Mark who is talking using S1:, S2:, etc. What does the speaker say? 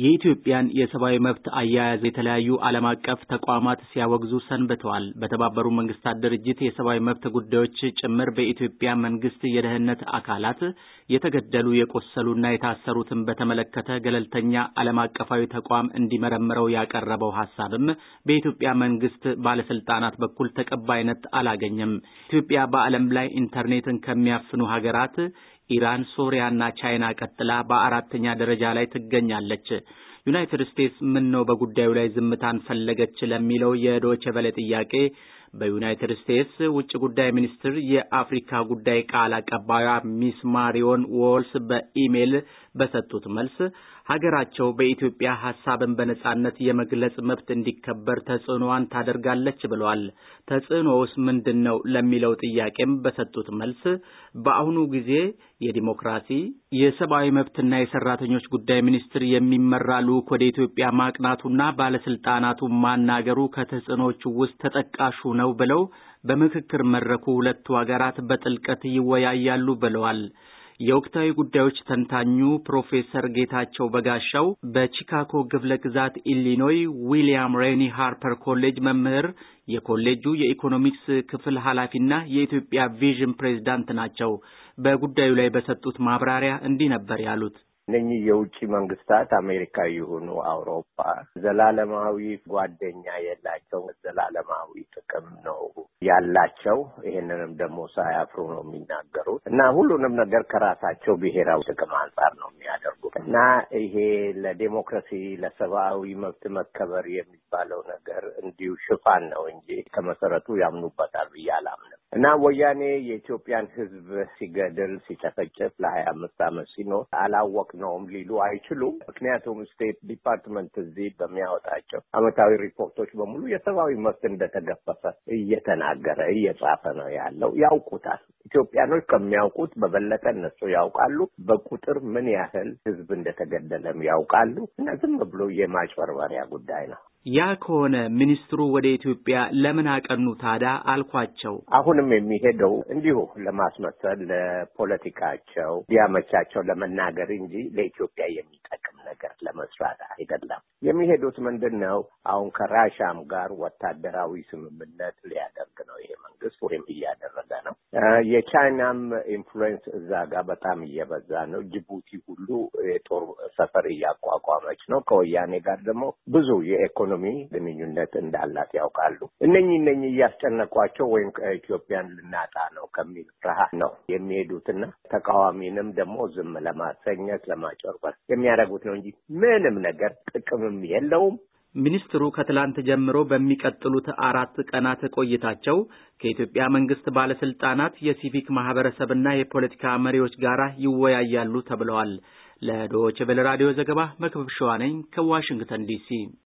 S1: የኢትዮጵያን የሰብአዊ መብት አያያዝ የተለያዩ ዓለም አቀፍ ተቋማት ሲያወግዙ ሰንብተዋል። በተባበሩት መንግስታት ድርጅት የሰብአዊ መብት ጉዳዮች ጭምር በኢትዮጵያ መንግስት የደህንነት አካላት የተገደሉ የቆሰሉና የታሰሩትን በተመለከተ ገለልተኛ ዓለም አቀፋዊ ተቋም እንዲመረምረው ያቀረበው ሀሳብም በኢትዮጵያ መንግስት ባለስልጣናት በኩል ተቀባይነት አላገኘም። ኢትዮጵያ በዓለም ላይ ኢንተርኔትን ከሚያፍኑ ሀገራት ኢራን፣ ሶሪያና ቻይና ቀጥላ በአራተኛ ደረጃ ላይ ትገኛለች። ዩናይትድ ስቴትስ ምን ነው በጉዳዩ ላይ ዝምታን ፈለገች ለሚለው የዶቼ ቬለ ጥያቄ በዩናይትድ ስቴትስ ውጭ ጉዳይ ሚኒስትር የአፍሪካ ጉዳይ ቃል አቀባዩ ሚስ ማሪዮን ዎልስ በኢሜይል በሰጡት መልስ ሀገራቸው በኢትዮጵያ ሀሳብን በነጻነት የመግለጽ መብት እንዲከበር ተጽዕኖዋን ታደርጋለች ብለዋል። ተጽዕኖውስ ምንድን ነው ለሚለው ጥያቄም በሰጡት መልስ በአሁኑ ጊዜ የዲሞክራሲ የሰብአዊ መብትና የሰራተኞች ጉዳይ ሚኒስትር የሚመራ ልዑክ ወደ ኢትዮጵያ ማቅናቱና ባለስልጣናቱ ማናገሩ ከተጽዕኖቹ ውስጥ ተጠቃሹ ነው ብለው በምክክር መድረኩ ሁለቱ ሀገራት በጥልቀት ይወያያሉ ብለዋል። የወቅታዊ ጉዳዮች ተንታኙ ፕሮፌሰር ጌታቸው በጋሻው በቺካጎ ግብለ ግዛት ኢሊኖይ ዊሊያም ሬኒ ሃርፐር ኮሌጅ መምህር፣ የኮሌጁ የኢኮኖሚክስ ክፍል ኃላፊና የኢትዮጵያ ቪዥን ፕሬዝዳንት ናቸው። በጉዳዩ ላይ በሰጡት ማብራሪያ እንዲህ ነበር ያሉት።
S2: እነኚህ የውጭ መንግስታት አሜሪካ የሆኑ አውሮፓ ዘላለማዊ ጓደኛ የላቸውም። ዘላለማዊ ጥቅም ነው ያላቸው ይሄንንም ደግሞ ሳያፍሩ ነው የሚናገሩት እና ሁሉንም ነገር ከራሳቸው ብሔራዊ ጥቅም አንጻር ነው የሚያደርጉት እና ይሄ ለዴሞክራሲ ለሰብአዊ መብት መከበር የሚባለው ነገር እንዲሁ ሽፋን ነው እንጂ ከመሰረቱ ያምኑበታል ብዬ አላምንም እና ወያኔ የኢትዮጵያን ሕዝብ ሲገድል ሲጨፈጭፍ ለሀያ አምስት ዓመት ሲኖር አላወቅ ነውም ሊሉ አይችሉም። ምክንያቱም ስቴት ዲፓርትመንት እዚህ በሚያወጣቸው ዓመታዊ ሪፖርቶች በሙሉ የሰብአዊ መብት እንደተገፈፈ እየተናል እየተናገረ እየጻፈ ነው ያለው። ያውቁታል። ኢትዮጵያኖች ከሚያውቁት በበለጠ እነሱ ያውቃሉ። በቁጥር ምን ያህል ህዝብ እንደተገደለም ያውቃሉ። እና ዝም ብሎ የማጭበርበሪያ ጉዳይ ነው።
S1: ያ ከሆነ ሚኒስትሩ ወደ ኢትዮጵያ ለምን አቀኑ ታዲያ? አልኳቸው።
S2: አሁንም የሚሄደው እንዲሁ ለማስመሰል ለፖለቲካቸው ሊያመቻቸው ለመናገር እንጂ ለኢትዮጵያ የሚጠቅም ነገር ለመስራት አይደለም። የሚሄዱት ምንድን ነው? አሁን ከራሻም ጋር ወታደራዊ ስምምነት ሊያደርግ ነው ይሄ መንግስት ወይም እያደረገ ነው። የቻይናም ኢንፍሉዌንስ እዛ ጋር በጣም እየበዛ ነው። ጅቡቲ ሁሉ የጦር ሰፈር እያቋቋመች ነው። ከወያኔ ጋር ደግሞ ብዙ የኢኮኖሚ ግንኙነት እንዳላት ያውቃሉ። እነኚህ እነኚህ እያስጨነቋቸው ወይም ከኢትዮጵያን ልናጣ ነው ከሚል ፍርሃት ነው የሚሄዱትና ተቃዋሚንም ደግሞ ዝም ለማሰኘት ለማጨርበር የሚያደርጉት ነው። እንጂ ምንም ነገር ጥቅምም የለውም።
S1: ሚኒስትሩ ከትላንት ጀምሮ በሚቀጥሉት አራት ቀናት ቆይታቸው ከኢትዮጵያ መንግስት ባለስልጣናት፣ የሲቪክ ማህበረሰብና የፖለቲካ መሪዎች ጋር ይወያያሉ ተብለዋል። ለዶይቼ ቬለ ራዲዮ ዘገባ መክብብ ሸዋነኝ ከዋሽንግተን ዲሲ